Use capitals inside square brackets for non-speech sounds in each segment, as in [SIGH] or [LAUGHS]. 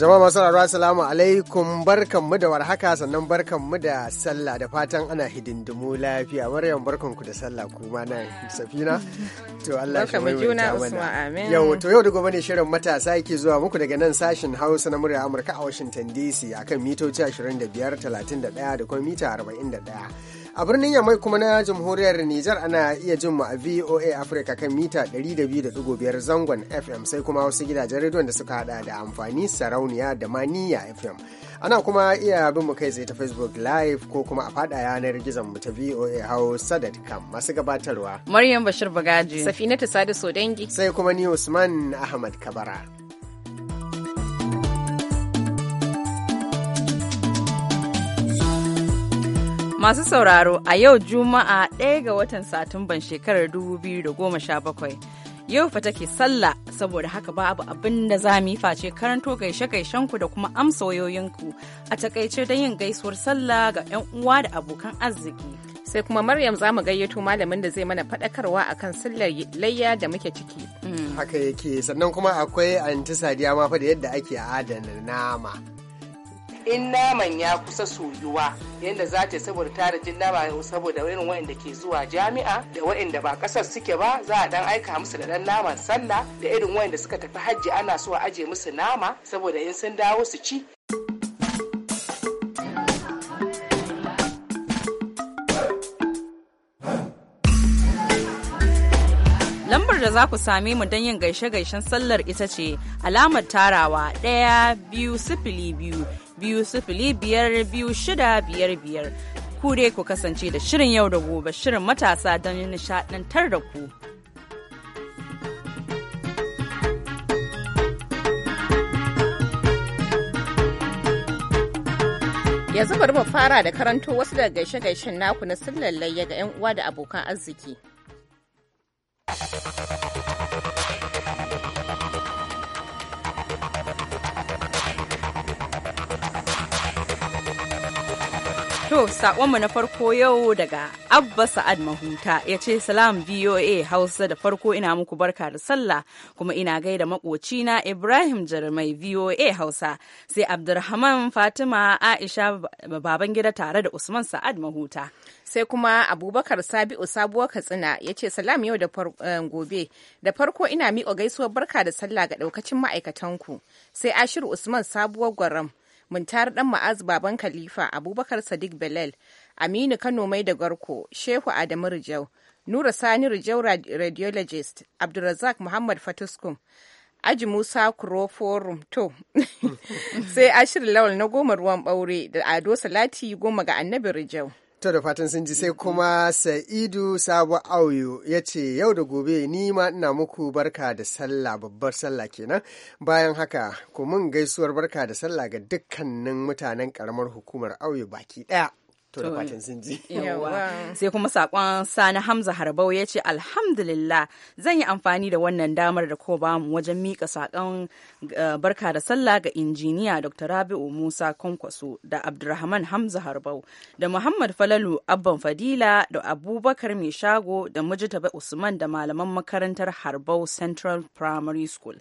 Jama'a masu rarwa salamu alaikum mu da warhaka sannan mu da sallah da fatan ana hidindimu lafiya Maryam ku da sallah kuma nan Safina to Allah shi mai juna amin yau to yau da gobe ne shirin matasa yake zuwa muku daga nan sashin Hausa na murya Amurka a Washington DC akan mitoci 25 31 da kuma mita 41 A birnin Yamai kuma na jamhuriyar Nijar ana iya jin mu a VOA Africa kan mita 200.5 zangon FM sai kuma wasu gidajen rediyon da suka hada da amfani sarauniya da maniya FM. Ana kuma iya bin mu kai tsaye ta Facebook Live ko kuma a fada yanar gizon mu ta VOA Hausa.com masu gabatarwa. Maryam Bashir Bagaji. Safinatu Sadu Sodangi. Sai kuma ni Usman Ahmad Kabara. Masu sauraro a yau Juma'a ɗaya ga watan Satumban shekarar 2017. Yau fa take sallah saboda haka babu abin da za mu yi face karanto gaishe gaishen ku da kuma amsa wayoyinku a takaice don yin gaisuwar sallah ga 'yan uwa da abokan arziki. Sai kuma Maryam za mu gayyato malamin da zai mana faɗakarwa kan sallar layya da muke ciki. Mm. Haka yake sannan kuma akwai anti sadiya ma fa da yadda ake adana nama. in naman ya kusa soyuwa yadda za ta saboda tara jin nama saboda irin wa'anda ke zuwa jami'a da wa'anda ba kasar suke ba za a dan aika musu da dan naman sallah da irin wa'anda suka tafi hajji ana so a aje musu nama saboda in sun dawo su ci Lambar da za ku same mu don yin gaishe-gaishen sallar ita ce alamar tarawa ɗaya biyu sifili biyu biyu sifili biyar biyu shida biyar biyar ku ku kasance da shirin yau da gobe shirin matasa don nishaɗantar da ku. Yanzu bari rufa fara da karanto wasu da gaishe-gaishen naku na sirrin layya ga 'yan uwa da abokan arziki. To, saƙonmu na farko yau daga Abba Sa'ad Mahuta ya ce salam VOA Hausa da farko ina muku barka da sallah kuma ina gaida makocina Ibrahim Jarmai VOA Hausa sai Abdulrahman Fatima Aisha baban gida tare da Usman Sa'ad Mahuta. Sai kuma Abubakar Sabi'u Sabuwar Katsina ya ce salam yau da eh, gobe da farko ina miƙa gaisuwar barka da sallah ga ɗaukacin ma'aikatanku sai Ashiru Usman Sabuwar Gwaram muntar dan ma'az baban khalifa abubakar sadiq belal aminu kano mai da garko shehu adamu rijau nura sani rijau radiologist abdulrazak muhammad fatuskum aji musa kuroforum to [LAUGHS] sai ashir lawal na goma ruwan ɓaure da ado salati goma ga annabi rijau To da fatan sun ji sai kuma Sa'idu Sabo Auyo ya ce yau da gobe ni ma ina muku barka da sallah babbar sallah kenan bayan haka ku mun gaisuwar barka da sallah ga dukkanin mutanen karamar hukumar Auyo baki ɗaya. to da fatan sun ji. Sai kuma sakon Sani Hamza Harbau ya ce alhamdulillah zan yi amfani da wannan damar da ko bamu wajen mika sakon eh, barka da sallah ga injiniya Dr. Rabi'u Musa Kwankwaso da Abdulrahman Hamza Harbau da Muhammad Falalu Abban Fadila da Abubakar Mai Shago da Mujtaba Usman da malaman makarantar Harbau Central Primary School.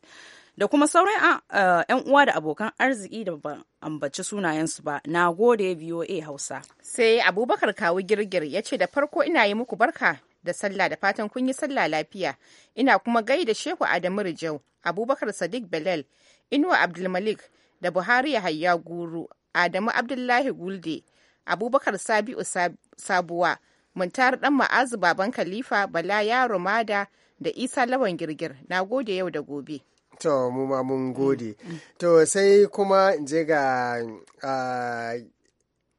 da kuma sauran 'yan ah, eh, uwa da abokan arziki da ban ambaci sunayensu ba na gode voa hausa sai abubakar kawu girgir ya ce da farko ina yi muku barka da sallah da fatan kun yi sallah lafiya ina kuma gaida shehu adamu rijau abubakar sadiq belal inuwa abdulmalik da buhari yahaya guru adamu abdullahi gulde abubakar sabi'u sabuwa muntar dan ma'azu baban khalifa bala yaro mada da isa lawan girgir na gode yau da gobe to mu ma mun mm. gode mm. to sai kuma in je ga ah,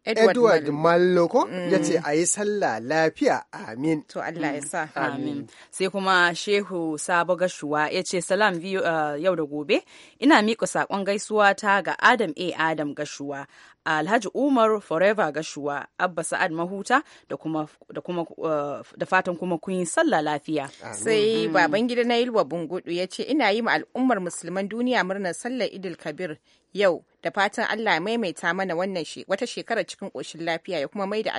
Edward, Edward Mallo ko ya ce mm. a yi sallah lafiya amin. To Allah ya sa. Mm. Amin. Sai kuma Shehu Sabo Gashuwa ya ce salam uh, yau da gobe ina miƙa saƙon gaisuwa ta ga Adam A. Adam Gashuwa. Alhaji Umar Forever Gashuwa, Abba Sa'ad Mahuta da kuma da uh, fatan kuma kun yi sallah lafiya. Sai mm. Babangida baban gida na Yilwa Bungudu ya ce ina yi ma al'ummar musulman duniya murnar sallar Idil Kabir yau da fatan Allah ya maimaita mana wannan shi. wata shekarar cikin ƙoshin lafiya ya kuma maido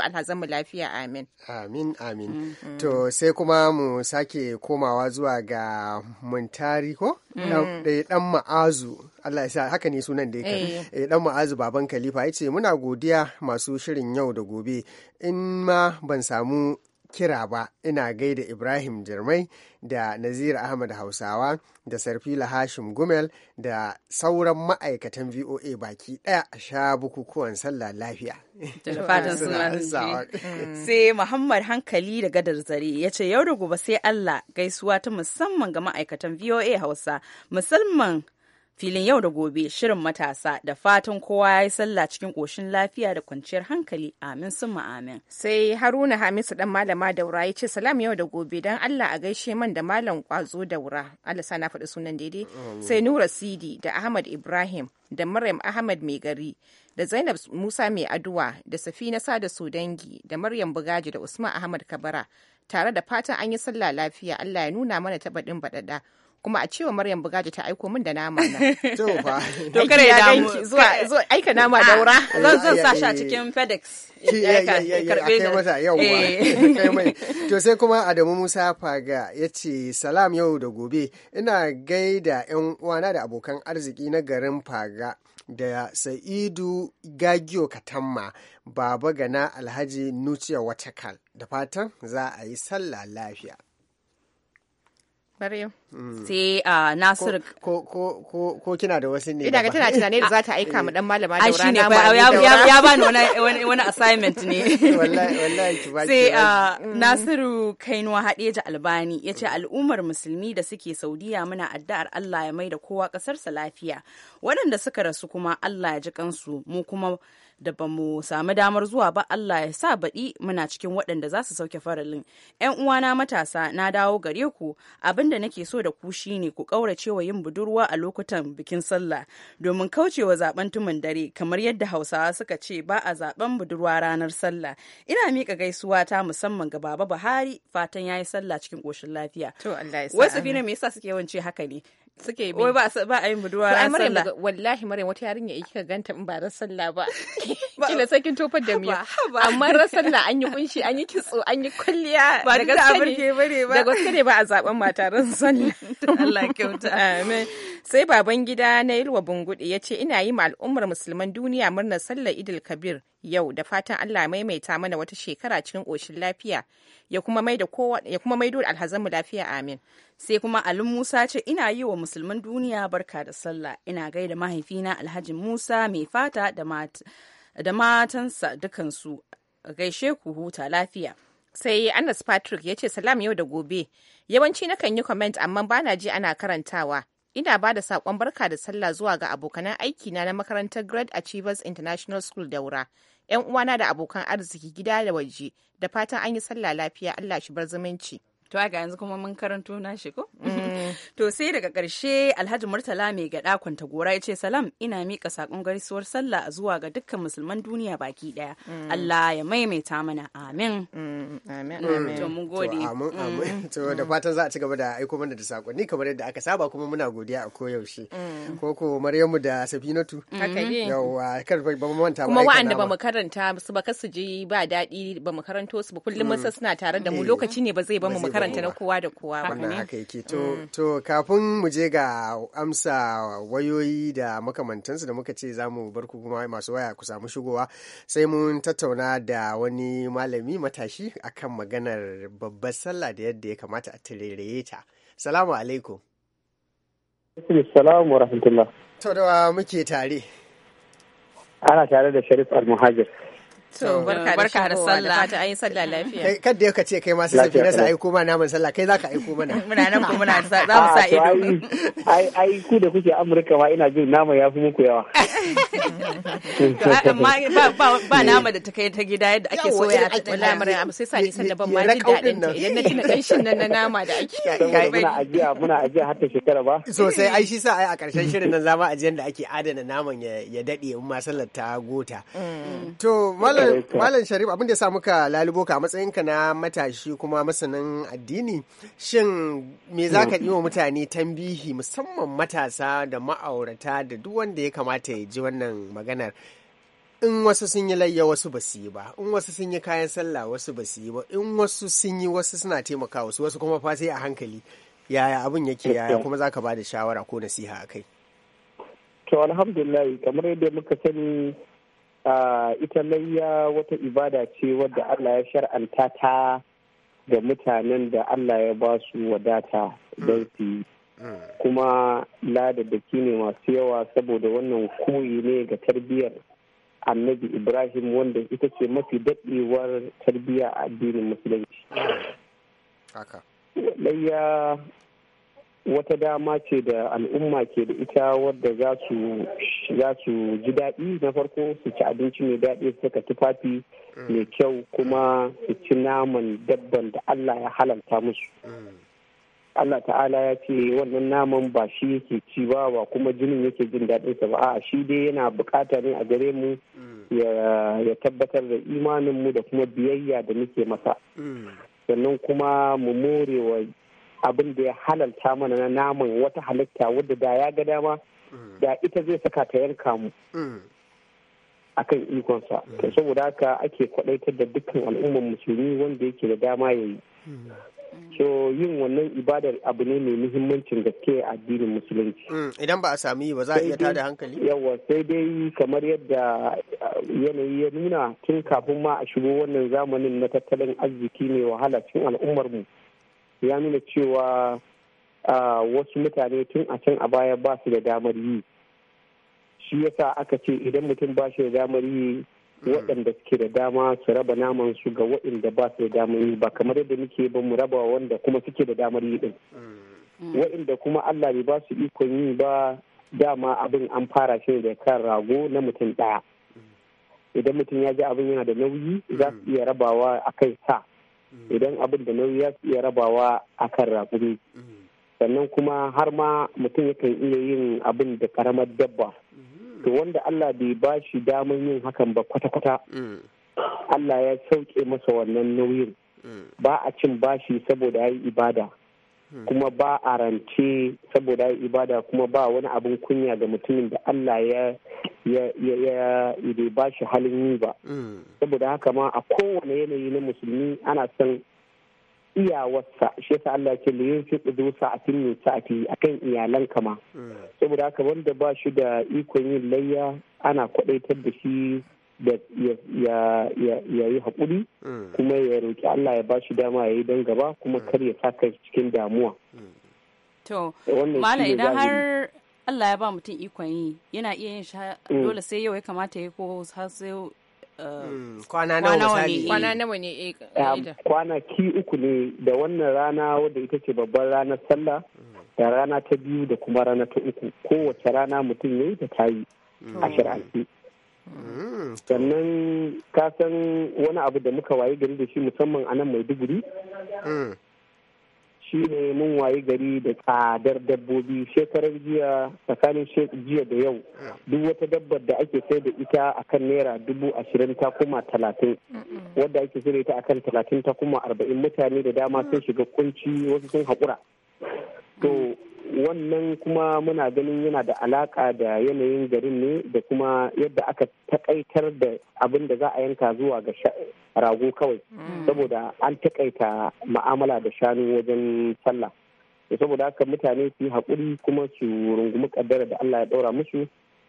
alhazanmu lafiya amin. Amin amin. Mm-hmm. To sai kuma mu sake komawa zuwa ga muntari ko? Dan mm. eh, ma'azu Allah ya sa haka ne sunan da ya dan eh. eh, ma'azu baban Khalifa yace muna godiya masu shirin yau da gobe in ma ban samu kira ba ina gaida ibrahim jirmai da nazir ahmad hausawa da sarfila hashim gumel da sauran ma'aikatan voa baki ɗaya a sha bukukuwan sallah lafiya mm. sai muhammad hankali da gadar zare ya ce yau da gobe sai allah gaisuwa ta musamman ga ma'aikatan voa hausa musamman filin yau da gobe shirin matasa da fatan kowa ya yi sallah cikin koshin lafiya da kwanciyar hankali amin sun amin. sai haruna hamisu dan malama daura ya ce salam yau da gobe don allah a gaishe man da malam kwazo daura allah sana faɗi sunan daidai sai nura sidi da ahmad ibrahim da maryam ahmad mai gari da zainab musa mai aduwa da safina sada sodangi da maryam bugaji da usman ahmad kabara tare da fatan an yi sallah lafiya allah ya nuna mana ɗin baɗaɗa kuma a cewa Maryam Bugaji ta aiko min da nama na. [LAUGHS] To fa. [LAUGHS] To da zuwa zuwa aika nama ah, daura. Zan zan sa shi a cikin FedEx. To sai kuma Adamu Musa Faga ya ce salam yau da gobe ina gaida yan uwana da abokan arziki na garin Faga. da sa'idu gagiyo katamma baba gana alhaji nuciya watakal da fatan za a yi sallah lafiya Maryam. Mm. Sai ah, Nasir. Ko kina da wasu ne. Ina ga tana tunani da za ta [LAUGHS] aika mu dan malama da rana ma. ya bani wani wani assignment ne. [LAUGHS] Sai a ah, mm. Nasiru Kainuwa Hadeja Albani yace al'ummar musulmi da suke Saudiya muna addu'ar Allah ya maida kowa kasarsa lafiya. Waɗanda suka rasu kuma Allah ya ji kansu mu kuma da ba mu sami damar zuwa ba Allah ya sa baɗi muna cikin waɗanda za su sauke faralin. 'Yan uwana matasa na dawo gare ku abin da nake so da ku shine ku ƙaurace wa yin budurwa a lokutan bikin sallah domin kaucewa zaɓen tumin dare kamar yadda Hausawa suka ce ba a zaɓen budurwa ranar sallah. Ina miƙa gaisuwa ta musamman ga Baba Buhari fatan ya yi sallah cikin ƙoshin lafiya. To Allah ya sa. Wasu me yasa suke yawan haka ne? suke bi wai ba ba a yin buduwa ran sallah wallahi maryam wata yarinya yake kika ganta in ba ran sallah ba [LAUGHS] [LAUGHS] kila sai kin tofar da miya [LAUGHS] amma ran sallah an yi kunshi an yi kitso an yi kulliya ba da gaske ne ba da gaske ne ba a zaben mata ran sallah Allah kyauta amin sai baban gida na yilwa bungudi ya ce ina yi ma al'ummar musulman duniya murnar sallar idil kabir yau da fatan Allah maimaita mana wata shekara cikin ƙoshin lafiya ya kuma maido alhazan alhazanmu lafiya amin. Sai kuma Ali Musa ce ina yi wa musulman duniya barka da sallah ina gaida mahaifina Alhaji Musa mai fata da matansa dukansu gaishe ku huta lafiya. sai Anas Patrick ya ce salam yau da gobe yawanci nakan yi comment amma bana ji ana karantawa Ina ba da saƙon barka da sallah zuwa ga abokanan aikina na makarantar Great Achievers International School Daura, 'yan uwana da abokan arziki gida da waje, da fatan an yi sallah lafiya Allah shi bar zumunci. to ga yanzu kuma mun karanto na shi ko mm. [LAUGHS] to sai daga karshe alhaji murtala mai gada kwanta gora ya ce salam ina mika sakon gaisuwar sallah zuwa ga dukkan musulman duniya baki daya mm. Allah ya maimaita mana amin mm, amin amin [LAUGHS] to da fatan za a ci gaba da aiko mana da sakonni kamar yadda aka saba kuma muna godiya a koyaushe Koko maryamu da safinatu Yawwa kar ba mu manta kuma wa'anda ba mu karanta su ba kasu ji ba daɗi ba mu karanto su ba kullum sa suna tare da mu lokaci ne ba zai ba mu karanta na kowa da kowa ba ne haka yake to mm. to kafin mu je ga amsa wayoyi da makamantansu da muka ce zamu bar ku kuma masu waya ku samu shigowa sai mun tattauna da wani malami matashi akan maganar babbar sallah da yadda ya kamata a tirereye ta salamu alaikum Assalamu rahmatullah. To da muke tare. Ana tare da Sharif al muhajir. To barka da sallah. Da an yi sallah lafiya. Kada yau ka ce kai masu safi na sa aiko ma namun sallah kai za ka aiko mana. [LAUGHS] Muna nan ko muna [LAUGHS] za mu sa ah, ido. Ai ai ku da kuke Amurka ma ina jin nama ya fi muku yawa. [LAUGHS] Amma ba nama da ta kai ta gida yadda ake soya a lamarin amma sai sa nisan da ban ma jin daɗin ta yadda tuna ƙanshin nan na nama da ake. Muna ajiya muna ajiya har ta shekara ba. Sosai ai shi sa ai a ƙarshen shirin nan zama ajiyar da ake adana naman ya daɗe in ma sallar ta gota. Mm. To Malam Sharif abin da ya samu ka lalubo ka matsayinka na matashi kuma masanin addini shin me za ka yi wa mutane tambihi musamman matasa da ma'aurata da duk wanda ya kamata ya ji wannan maganar in wasu sun yi layya wasu ba su yi ba in wasu sun yi kayan sallah wasu ba su yi ba in wasu sun yi wasu suna taimaka wasu wasu kuma fa sai a hankali yaya abin yake yaya kuma za ka ba da shawara ko nasiha a kai to alhamdulillah kamar yadda muka sani ita layya wata ibada ce wadda Allah ya shar'anta ta ga mutanen da Allah ya ba su wadata don su yi kuma ladadaki ne masu yawa saboda wannan koyi ne ga tarbiyyar annabi ibrahim wanda ita ce mafi daɗewar tarbiyya a addinin musulunci layya wata dama ce da al'umma ke da ita wadda za su ji daɗi na farko su ci abinci mai daɗi su saka tufafi mai kyau kuma su ci naman dabban da Allah ya halalta musu. Allah ta'ala ya ce wannan naman ba shi yake ci ba ba kuma jinin yake jin daɗinsa ba a shi dai yana buƙatar a gare mu ya tabbatar da imanin mu da kuma biyayya da muke masa mm. sannan kuma mu more wa abin da ya halalta mana na naman wata halitta wadda da ya ga dama mm. da ita zai saka ta yanka mu mm. a kan ikonsa mm. to saboda haka ake kwadaitar da dukkan al'ummar musulmi wanda yake da dama ya yi so yin wannan ibadar abu ne mai muhimmancin gaske a addinin musulunci idan ba a sami ba za a iya tada hankali yawa sai dai kamar yadda uh, yanayi ya nuna tun kafin ma a shigo wannan zamanin na tattalin arziki mai wahala cikin al'ummar mu ya nuna cewa wasu mutane tun a can a baya ba su da damar yi shi yasa aka ce idan mutum ba shi da damar yi hmm. waɗanda suke da dama su raba naman su ga waɗanda ba su da damar yi ba kamar yadda muke ba mu raba wanda kuma suke da damar yi din hmm. waɗanda kuma Allah bai ba su ikon yi ba dama abin an fara shi da kan rago na mutum ɗaya hmm. idan mutum ya ji abin yana da nauyi za su iya rabawa a kai sa Mm. idan abin da nauyi ya iya rabawa kan raƙumi mm. sannan kuma har ma mutum yakan iya yin abin da karamar dabba mm. to wanda Allah bai ba shi damar yin hakan ba kwata-kwata Allah ya sauke masa wannan nauyin ba a cin bashi saboda ya yi ibada Hmm. kuma ba a rance saboda ibada kuma ba wani abin kunya ga mutumin da Allah ya ya ya bai ba shi halin yi ba hmm. saboda haka ma a kowane yanayi na musulmi ana son iyawarsa shi yasa Allah ke da yin fiɗi zo sa'atin min sa'ati akan iyalan kama hmm. saboda haka wanda ba shi da ikon yin layya ana kwadaitar da shi da ya yi haƙuri mm. kuma ya roƙi Allah ya ba shi dama ya yi don gaba kuma mm. kar ya sa cikin damuwa. Mm. To, Mala idan har Allah ya ba mutum ikon yi yana iya yin shi dole sai yau ya kamata ya ko har sai uh, kwana nawa ne eh, kwana eh, kwana ki uku ne da wannan rana wadda ita ce babban ranar sallah da rana ta biyu da kuma rana ta uku kowace rana mutum ya yi ta kayi a shirarci. sannan ka san wani abu da muka waye gari da shi musamman a nan maiduguri shi ne mun waye gari da tsadar dabbobi shekarar jiya tsakanin jiya da yau duk wata dabbar da ake sai da ita kan naira dubu ashirin ta kuma talatin wadda ake sai da ita a kan talatin ta kuma arba'in mutane da dama sun shiga kunci wasu sun haƙura to wannan kuma muna ganin yana da alaka da yanayin garin ne da kuma yadda aka takaitar da abin da za a yanka zuwa ga rago kawai mm. saboda an takaita ma'amala da shanu wajen sallah saboda haka mutane su yi haƙuri kuma su rungumi kaddara da Allah ya ɗora musu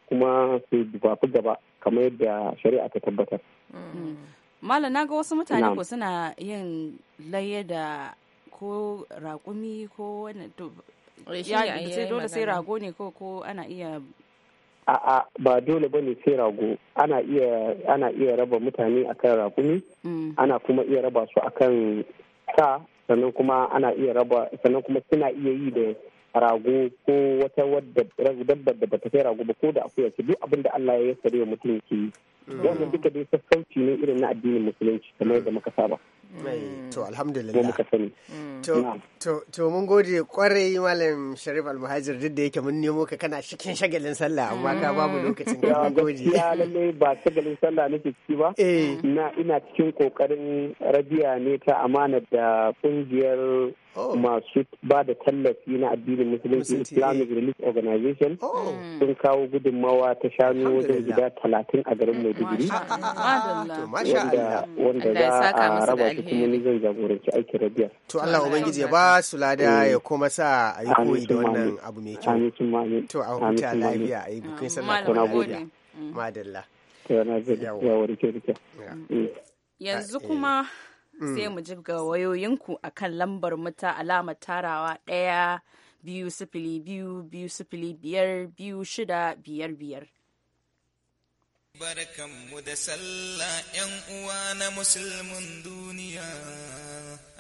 kuma su dufafi gaba kamar yadda shari'a ta tabbatar. Mm. Malam na ga wasu mutane ko suna yin layya da ko raƙumi ko wani Eh, ya dole sai rago ne ko ana iya a'a ba dole ne sai rago ana iya ana iya raba mutane akan rakumi mm. ana kuma iya raba su akan sa sannan kuma ana iya raba sannan kuma suna iya yi da rago ko wata wadda dabbar da bata kai rago ba ko da akuya ce duk abin da Allah ya yassare mutum ke yi mm. wannan duka dai sassauci ne irin na addinin musulunci kamar da muka saba to mm. alhamdulillah mm. to mun gode kwarai malam sharif almuhajir duk da yake mun nemo ka kana cikin shagalin sallah amma ka babu mm. lokacin ka gode ya lalle ba shagalin sallah nake ciki ba eh. na ina cikin kokarin rabiya ne ta amana da kungiyar oh. masu ba da tallafi na addinin musulunci islamic eh. relief organization oh. sun kawo gudunmawa ta shanu wajen gida talatin a garin mai maiduguri wanda za a raba shi kuma ni zan jagoranci aikin rabiyar. To Allah Ubangiji ya ba su lada eh. ya kuma sa a yi koyi da wannan abu mai kyau. To a huta lafiya a yi bukai sallah ko mm. na gode. Madalla. Mm. Yanzu eh. kuma mm. sai mu ji ga wayoyinku akan lambar muta alamar tarawa ɗaya biyu sifili biyu biyu sifili biyar biyu shida biyar biyar. barkanmu da sallah yan uwa na musulmin duniya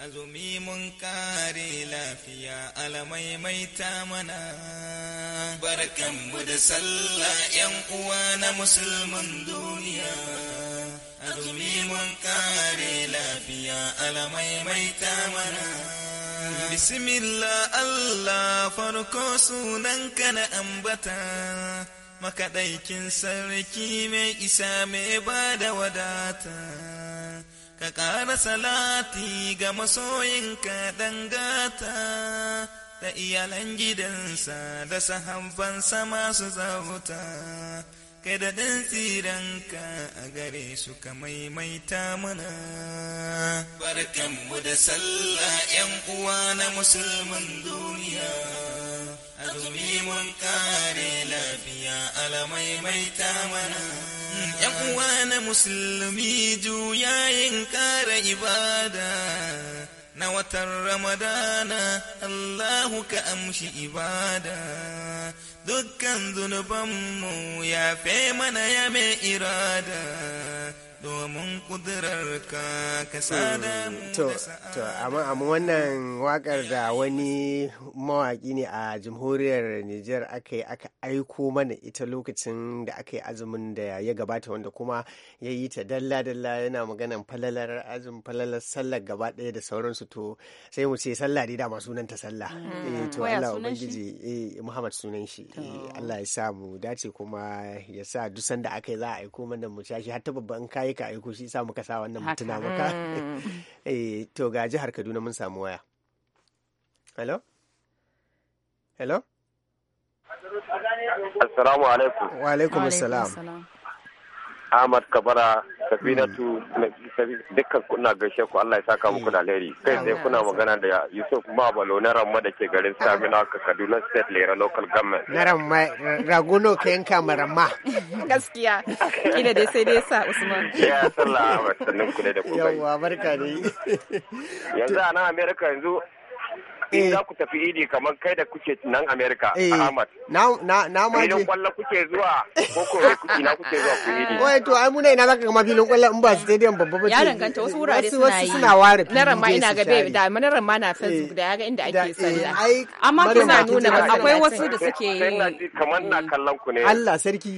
azumi mun kare lafiya alamai mai ta mana barkanmu da sallah yan uwa na musulmin duniya azumi mun kare lafiya alamai mai ta mana Bismillah Allah farko sunanka na ambata makaɗaikin sarki mai isa mai ba da wadata ka ƙara salati ga masoyinka dangata da iyalan gidansa da sahabbansa masu zauta da ɗan tsiranka a gare su ka maimaita mana. Barkanmu da sallah ‘yan uwa na musulman duniya, azumi mun kare lafiya ala maimaita mana. ‘Yan uwa na musulmi juyayin kare ibada. na watan ramadana Allahu ka amshi ibada dukkan zunubanmu ya fe mana ya mai irada domin kudurar ka sada mu mm. to amma amma wannan wakar da wani mawaki ne a jamhuriyar Nijar aka yi aka aiko mana ita lokacin da aka yi azumin da ya gabata wanda kuma ya yi ta dalla dalla yana maganan falalar azum falalar sallar gaba ɗaya da sauransu to sai mu ce sallah dai dama sunan ta sallah mm. eh to Allah ubangiji eh Muhammad sunan shi eh, Allah ya sa mu dace kuma ya sa duk sanda aka yi za a aiko mana mu tashi har ta babban aika aiko shi sa muka sa wannan mutuna maka mm. [LAUGHS] eh to ga jihar Kaduna mun samu waya hello hello assalamu alaikum wa alaikum assalam Ahmad Kabara safina hmm. tu dukkan kuna gaishe ku Allah ya saka muku da hmm. alheri kai sai kuna magana da Yusuf Mabalo na Ramma da ke garin Samina ka Kaduna State Lera Local Government na Ramma ragono ke yanka ma Ramma [LAUGHS] gaskiya kila dai sai dai sa Usman ya sallah wa sannin ku da ku bai yawa barka ne yanzu a nan America yanzu Eh. in za ku tafi idi kamar kai da kuke nan Amerika eh. Ahmad. Na na na ma filin kwallo kuke zuwa [LAUGHS] ko ko ina kuke zuwa ku idi. Wai to ai muna ina zaka kama filin kwallo in ba stadium babba ba. Ya danganta wasu wurare suna yi. wasu suna ware. Naran ma ina ga bai da mana ma na Facebook eh. da yaga inda ake sallah. Amma kuna nuna akwai wasu da suke yi. Kamar na kallon ku ne. Allah sarki.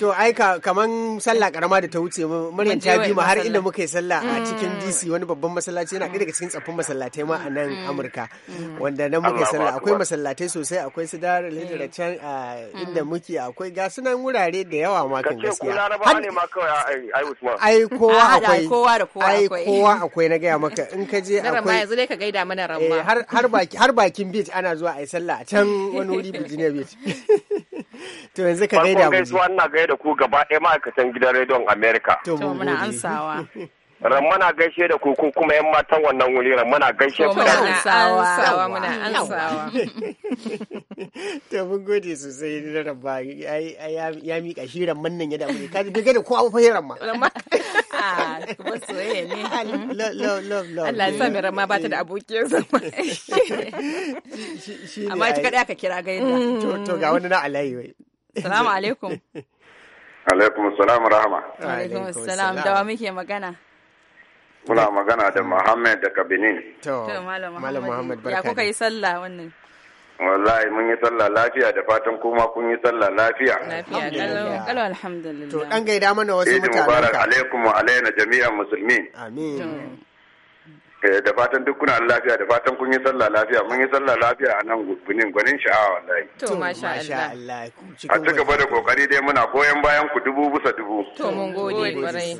To ai kaman sallah karama da ta wuce Maryam ta bi mu har inda muka yi sallah a cikin mm. DC wani babban masallaci yana ɗaya daga cikin tsaffin masallatai ma a nan mm. Amurka. Mm. Mm. wanda nan muke sallah akwai masallatai sosai akwai su dare da mm. can uh, mm. inda muke akwai ga sunan wurare da yawa ma kan gaskiya ai kowa akwai kowa akwai ai kowa akwai na gaya maka in ka je [LAUGHS] akwai yanzu dai ka gaida mana ramma eh, har baki har bakin beach ana zuwa ai sallah a can wani wuri [LAUGHS] Virginia Beach [LAUGHS] to yanzu ka gaida mu gaisuwa ina gaida ku gaba ɗaya ma'aikatan gidan rediyon America to muna ansawa Rammana gaishe da koko kuma yan matan wannan wuri rammana gaishe ku da ansawa muna ansawa. [LAUGHS] To mun gode sosai da rabba ya mika shi ramman nan ya damu ne kaji gaga da kowa fa ramma. Ramma. [LAUGHS] Ah, kuma soyayya ne. [LAUGHS] Allah ya sa mai ramma ba ta da abokin zama. Amma ita kadai aka kira gaida. To ga wani na alayi wai. Salamu alaikum. Alaikum salam rahama. Alaikum salam dawa muke magana. kuna magana da Muhammad daga Benin. To, Malam Muhammad barka. yi sallah wannan? Wallahi mun yi sallah lafiya da fatan kuma kun yi sallah lafiya. Lafiya, kalau alhamdulillah. To, dan gaida mana wasu mutanen ka. Idi mubarak alaikum wa jami'an musulmi Amin. Eh, da fatan duk kuna lafiya da fatan kun yi sallah lafiya mun yi sallah lafiya a nan gunin gwanin sha'awa wallahi to masha Allah a ci gaba da kokari dai muna koyan bayan ku dubu bisa dubu to mun gode kwarai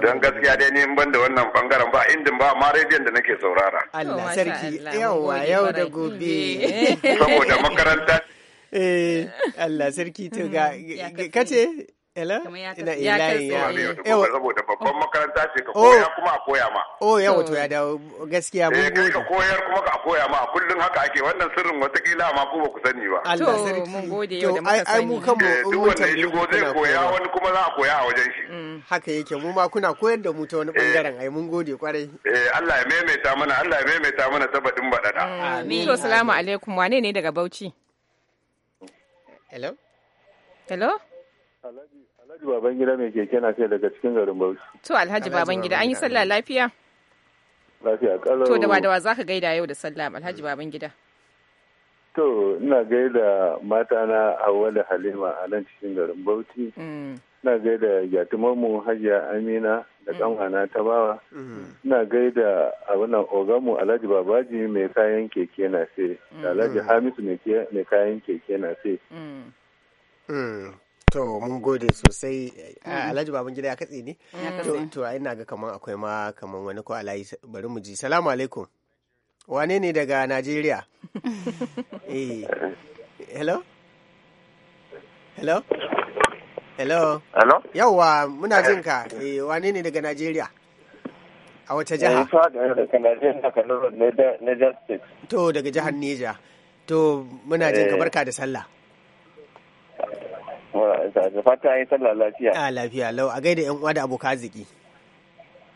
don gaskiya dai ni ban da wannan bangaren ba indin ba ma rediyon da nake saurara [LAUGHS] Allah sarki yawa yau da gobe saboda makaranta [LAUGHS] Eh, Allah sarki to ga mm-hmm. kace Ela? Ila ila ya. Saboda babban oh. makaranta ce ka oh. koyar kuma a koya ma. Oh ya wato ya hmm. dawo gaskiya mun eh, gode. Ka koyar kuma ka koya ma kullum haka ake wannan sirrin watakila ma ko ba ku sani ba. to mun gode yau da muka sani. Ai mu kan mu eh, duk wanda ya shigo zai koya wani kuma za a koya a wajen shi. Hmm. Haka yake mu ma kuna koyar da mu ta wani eh. bangaren ai mun gode kwarai. Eh Allah ya maimaita mana Allah ya maimaita mana tabadin badada. Hmm. Amin. To salamu alaikum wane ne daga Bauchi? Hello? Hello? Alhaji Babangida mai keke na ce daga cikin garin Bauchi. To Alhaji Babangida an yi sallah lafiya? Lafiya kalau. To da ba da wa zaka gaida yau da sallah Alhaji Babangida. To ina gaida mata na Hauwa da Halima a nan cikin garin Bauchi. Mm. Ina gaida yatimanmu Hajiya Amina da kanwana mm. ta bawa. Mm. Ina gaida abunan oganmu Alhaji Babaji mai kayan keke na ce. Alhaji Hamisu mai kayan keke na ce. To mun gode sosai mm-hmm. Alhaji baban gida ya katse ne? To a ina ga kaman akwai ma kaman wani ko alayi bari mu ji. Salamu alaikum. Wane ne daga Najeriya? [LAUGHS] Eh. Hello? Hello? Hello? Hello? yawa muna jin ka. Eh. eh wane ne daga Najeriya? A wace jiha? Eh, daga Najeriya Kano ne Niger To daga jihar Niger. To muna jin ka eh. barka da sallah. da fata ya sallah lafiya a lafiya lau a gaida yan uwa da abokan arziki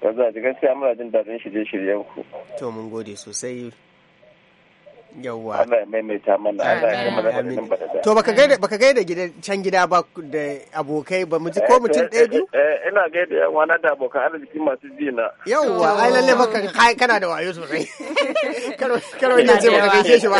yanzu a gaskiya muna jin daɗin shirye-shiryen ku to mun gode sosai yawwa Allah ya maimaita mana Allah ya gama da Amin, to baka gaida baka gaida gidan can gida ba da abokai ba mu ji ko eh, mutum eh, ɗaya eh, biyu ina gaida yan wani da abokan arziki masu ji na yawwa ai lalle baka kai kana da wayo sosai karo [LAUGHS] karo ina ce baka gaishe shi ba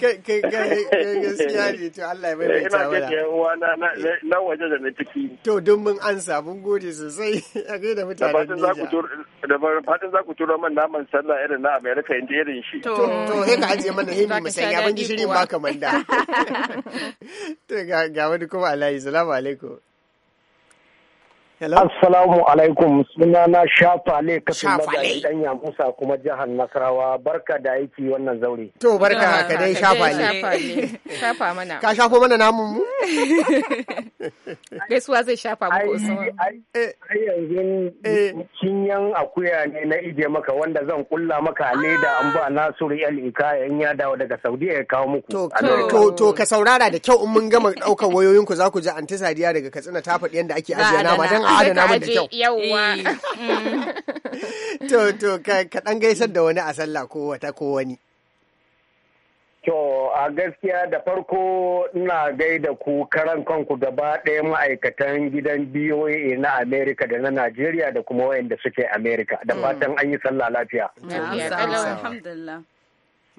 [LAUGHS] gaskiya ne to Allah ya maimaita mana ina gaida yan wani na waje da na ciki to duk mun ansa mun gode sosai a gaida mutanen Nija da fatan za ku turo man naman sallah irin na America inda irin shi to to sai ka ajiye mana himi musanya ban gishirin baka manda [LAUGHS] [LAUGHS] to ga wani kuma alai salamu alaikum Assalamu alaikum suna na shafale kasin magaji dan Musa, kuma jihar Nasarawa barka da aiki wannan zaure. To barka ah, ka dai shafale. Shafa mana. Ka shafo mana namun mu? [LAUGHS] Gaisuwa zai shafa muku Usman. Ai eh. yanzu kinyan eh. akuya ne na ije maka wanda zan kulla maka leda an ba Nasiru El Ika yan ya dawo daga Saudi ya kawo muku. To to ka saurara da kyau in mun gama daukar wayoyinku za ku ji Anti Sadiya daga Katsina ta faɗi yadda ake ajiye nama dan adana mu da kyau yawwa eh. mm. [LAUGHS] to to ka ɗan gaisar da wani a sallah ko wata ko wani To a gaskiya da farko ina gaida ku karan kanku gaba ɗaya ma'aikatan gidan BOA na Amerika da na Najeriya da kuma wayanda suke Amerika da mm. fatan an yi sallah lafiya.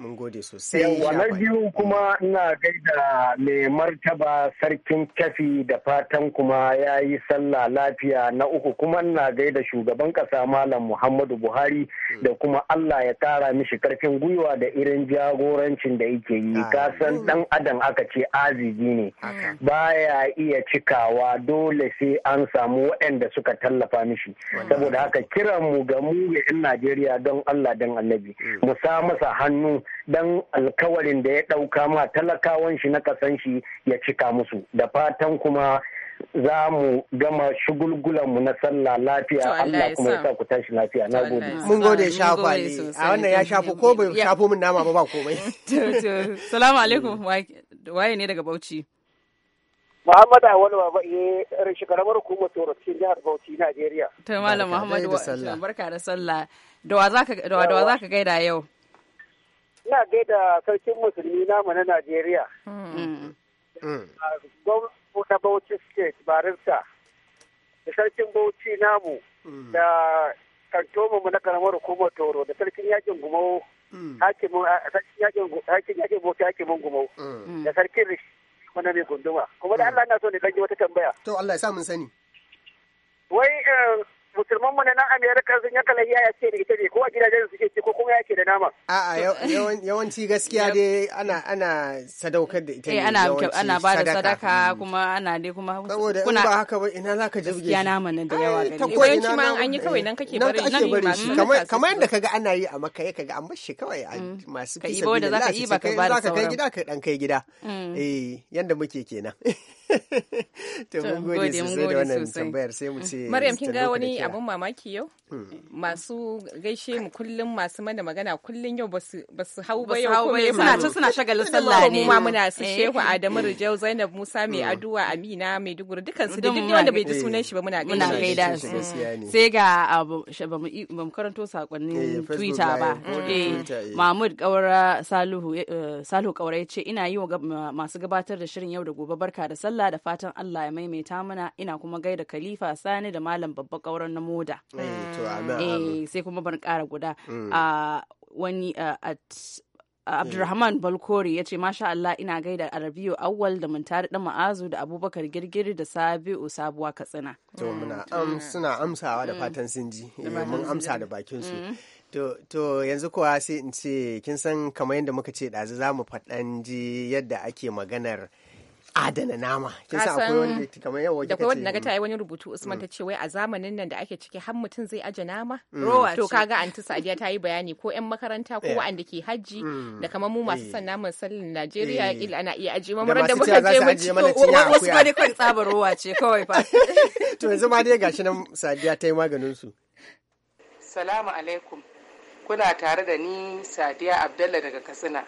Mun gode sosai. Yawwa na biyu kuma ina gaida mai martaba sarkin kafi da fatan kuma ya yi sallah lafiya na uku kuma ina gaida shugaban kasa Malam Muhammadu Buhari hmm. da kuma Allah ya kara mishi karfin gwiwa da irin jagorancin da yake yi. Kasan dan hmm. adam aka ce azigi ne. Hmm. Baya iya cikawa dole sai an samu waɗanda suka tallafa mishi. Saboda haka kiran mu ga mu 'yan Najeriya don Allah don Annabi. Mu sa masa hannu dan alkawarin da ya ɗauka ma talakawan shi na kasan shi ya cika musu da fatan kuma za mu gama shugulgulanmu na sallah lafiya Allah kuma ya sa ku tashi lafiya na gode mun gode shafu ali a wannan ya shafu ko bai shafu mun nama ba ba komai [LAUGHS] salamu alaikum waye ne daga Bauchi Muhammad Awal Baba eh rashin karamar hukumar Toro cikin jihar Bauchi Najeriya to malam Muhammad barka da sallah da wa zaka da wa zaka gaida yau ina gaida sarkin musulmi namu na Najeriya. Mm. Gwamnati Bauchi State Barista da sarkin Bauchi namu mm. da mu na karamar hukumar Toro da sarkin yakin Gumau mm. hakimin yakin Bauchi hakimin Gumau da sarkin Rishi wanda mai gunduma. Kuma da Allah na so ne kan wata tambaya. To Allah ya sa mun sani. Wai eh, musulman mu na nan Amerika sun yanka lahiya ya ce ne ita ne ko a gidajen suke ce ko kuma yake da nama. A'a yawanci gaskiya dai ana ana sadaukar da ita ne. Eh, ana ba da sadaka kuma ana dai kuma saboda in ba haka ba ina zaka jibge shi. nama nan da yawa gari. Yawanci ma an yi kawai nan kake bari nan bari shi kamar yadda kaga ana yi a maka ya kaga an bar shi kawai mm. masu fisa da za ka yi ba ka ba da sauran. Za ka kai gida ka dan kai gida. Mm. Eh yanda muke kenan. [LAUGHS] to mun gode sosai da wannan tambayar sai mu ce mm. Maryam kin ga wani abun mamaki yau hmm. masu gaishe mu kullum masu mana magana kullum yau basu basu hau ba yau suna ta suna shagalin sallah ne kuma muna su eh. Shehu Adamu Rijau Zainab Musa mai hmm. aduwa Amina mai duguru dukan su duk wanda bai ji sunan shi ba muna gaida su sai ga ba mu karanto sakonnin eh, Twitter ba eh, Mahmud Kaura Salihu Salihu Kaura yace ina yi wa masu gabatar da shirin yau da gobe barka da sallah Allah da fatan Allah ya maimaita mana ina kuma gaida Khalifa Sani da Malam Babba Kauran na Moda. Eh, eh, sai kuma ban kara guda. Mm. A ah, wani ah, ah, Abdulrahman Balkori ya ce masha Allah ina gaida Arabiyu Awwal da Muntari da Ma'azu da Abubakar Girgiri da Sabi'u Sabuwa Katsina. To muna mm. suna amsawa da mm. fatan sun ji eh, mun amsa da bakin su. To, to yanzu kuwa sai in ce kin san kamar yadda muka ce ɗazu za mu faɗan ji yadda ake maganar adana nama kin sa akwai wanda kamar yawa kika da wanda naga ta yi wani rubutu Usman mm. ta ce wai a zamanin nan da ake ciki har mutum zai aje nama mm. to kaga anti Sadiya ta yi bayani ko yan makaranta ko wanda ke hajji mm. da kamar mu masu eh. son naman sallin Najeriya eh. kila ana iya aje mu da muka je mu ci wasu ma dai kan tsabar rowa ce kawai fa [LAUGHS] to yanzu ma dai gashi nan Sadiya ta yi maganin su Salamu alaikum kuna tare da ni Sadiya Abdalla daga Katsina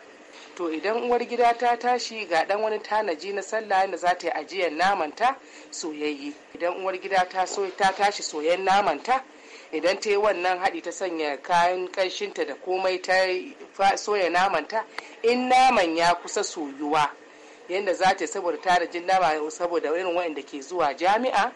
to idan uwar gida ta tashi ga dan wani tanaji na sallah yadda za ta yi ajiyar namanta soyayye idan uwar gida ta so ta tashi soyayyen namanta idan ta yi wannan haɗi ta sanya kayan ƙanshinta da komai ta soya namanta in naman ya kusa soyuwa yadda za ta saboda tarajin nama saboda irin waɗanda ke zuwa jami'a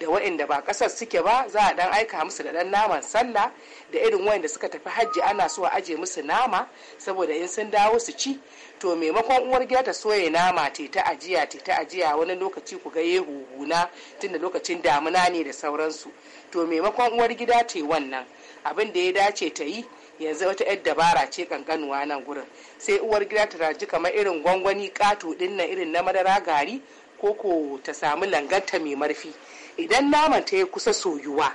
da waɗanda ba ƙasar suke ba za a dan aika musu da ɗan naman sallah da irin waɗanda suka tafi hajji ana so a aje musu nama saboda in sun dawo su ci to maimakon uwar gida ta soya nama te ta ajiya te ta ajiya wani lokaci ku ga yehu huna, tunda lokacin damuna ne da sauransu to maimakon uwar gida te wannan abin da ya dace ta yi yanzu wata yar dabara ce kankanuwa nan gurin sai uwar gida ta raji kamar irin gwangwani kato dinnan irin na madara gari ko koko ta samu ta mai marfi idan naman ta yi kusa soyuwa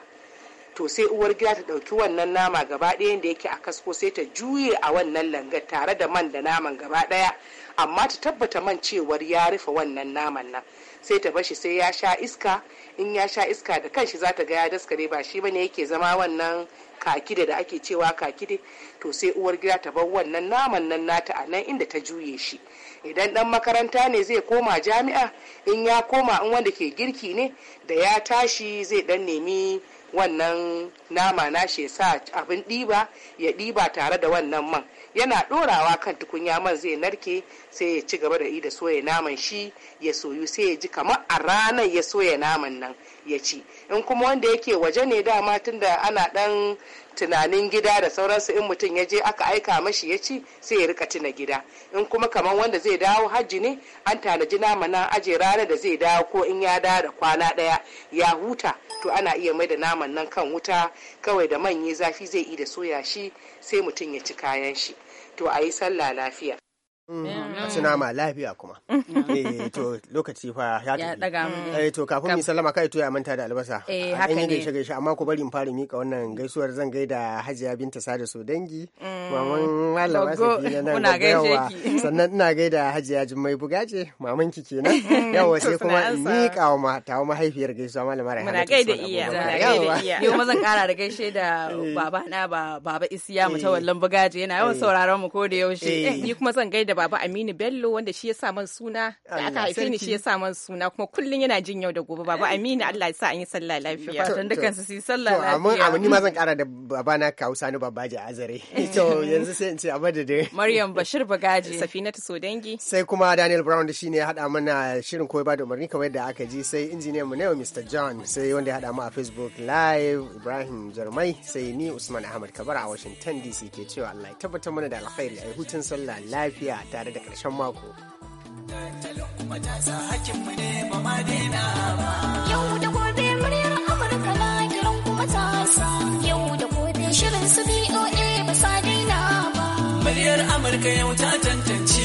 to sai uwar gida ta ɗauki wannan nama gaba ɗaya da yake a kasko sai ta juye a wannan langar tare da man da naman gaba ɗaya amma ta tabbata man cewar ya rufe wannan naman nan sai ta bashi sai ya sha iska in ya sha iska da kanshi za ta ga ya daskare ba shi bane yake zama wannan kakide da ake cewa kakide to sai uwar gida ta bar wannan naman nan nata a nan inda ta juye shi idan dan makaranta ne zai koma jami'a in ya koma in wanda ke girki ne da ya tashi zai dan nemi wannan nama nashi ya sa abin ɗiba ya ɗiba tare da wannan man yana ɗorawa kan tukunya man zai narke sai ya ci gaba da da soya naman shi ya soyu sai ya ji kamar a ranar ya soya naman nan ya ci in kuma wanda yake waje ne dama tunda ana dan tunanin gida da sauransu in mutum ya je aka aika mashi ya ci sai ya rika tuna gida in kuma kamar wanda zai dawo hajji ne an tanaji nama na aje rana da zai dawo ko in ya dawo da kwana daya ya huta to ana iya mai da naman nan kan wuta kawai da manyan zafi zai yi da soya shi sai mutum ya ci kayan shi to a yi sallah lafiya Mm. Mm. a ci mm. nama lafiya kuma eh, eh, to lokaci fa ya tafi daga eh to kafin mu sallama kai to ya manta da albasa eh haka ne gaishe gaishe amma ku bari in fara mika wannan gaisuwar zan gaida Hajiya Binta Sada so dangi. maman Malama Safina nan gaishe ki [LAUGHS] sannan ina gaida Hajiya Jummai Bugaje maman ki kenan [LAUGHS] yawa sai kuma in mika wa mata mahaifiyar gaisuwa Malama rahama muna gaida iya muna gaida iya yau kara da [LAUGHS] gaishe da eh. baba na baba Isiya mutawallan Bugaje yana yawan sauraron mu ko da yaushe ni kuma zan gaida da baba Aminu Bello wanda shi ya sa man suna da aka haife ni shi ya sa man suna kuma kullun yana jin yau da gobe baba Aminu Allah ya sa an yi sallah lafiya fatan dukan su su sallah lafiya amma amma ni ma zan kara da baba na Kausa ni babaji Azare [LAUGHS] to yanzu sai in ce da madadin Maryam Bashir Bagaji [LAUGHS] Safinatu Sodangi sai kuma Daniel Brown da shine ya hada mana shirin koyi ba da umarni kamar yadda aka ji sai injiniyan mu ne Mr John sai wanda ya hada mu a Facebook live Ibrahim Jarmai sai ni Usman Ahmad Kabara a Washington DC ke cewa Allah ya tabbatar mana da alkhairi ai hutun sallah lafiya tare da ƙarshen mako. Yau da gobe muryar Amurka na kiran kuma tasa. Yau da gobe shirin su BOA ba sa daina ba. Muryar Amurka yau ta tantance.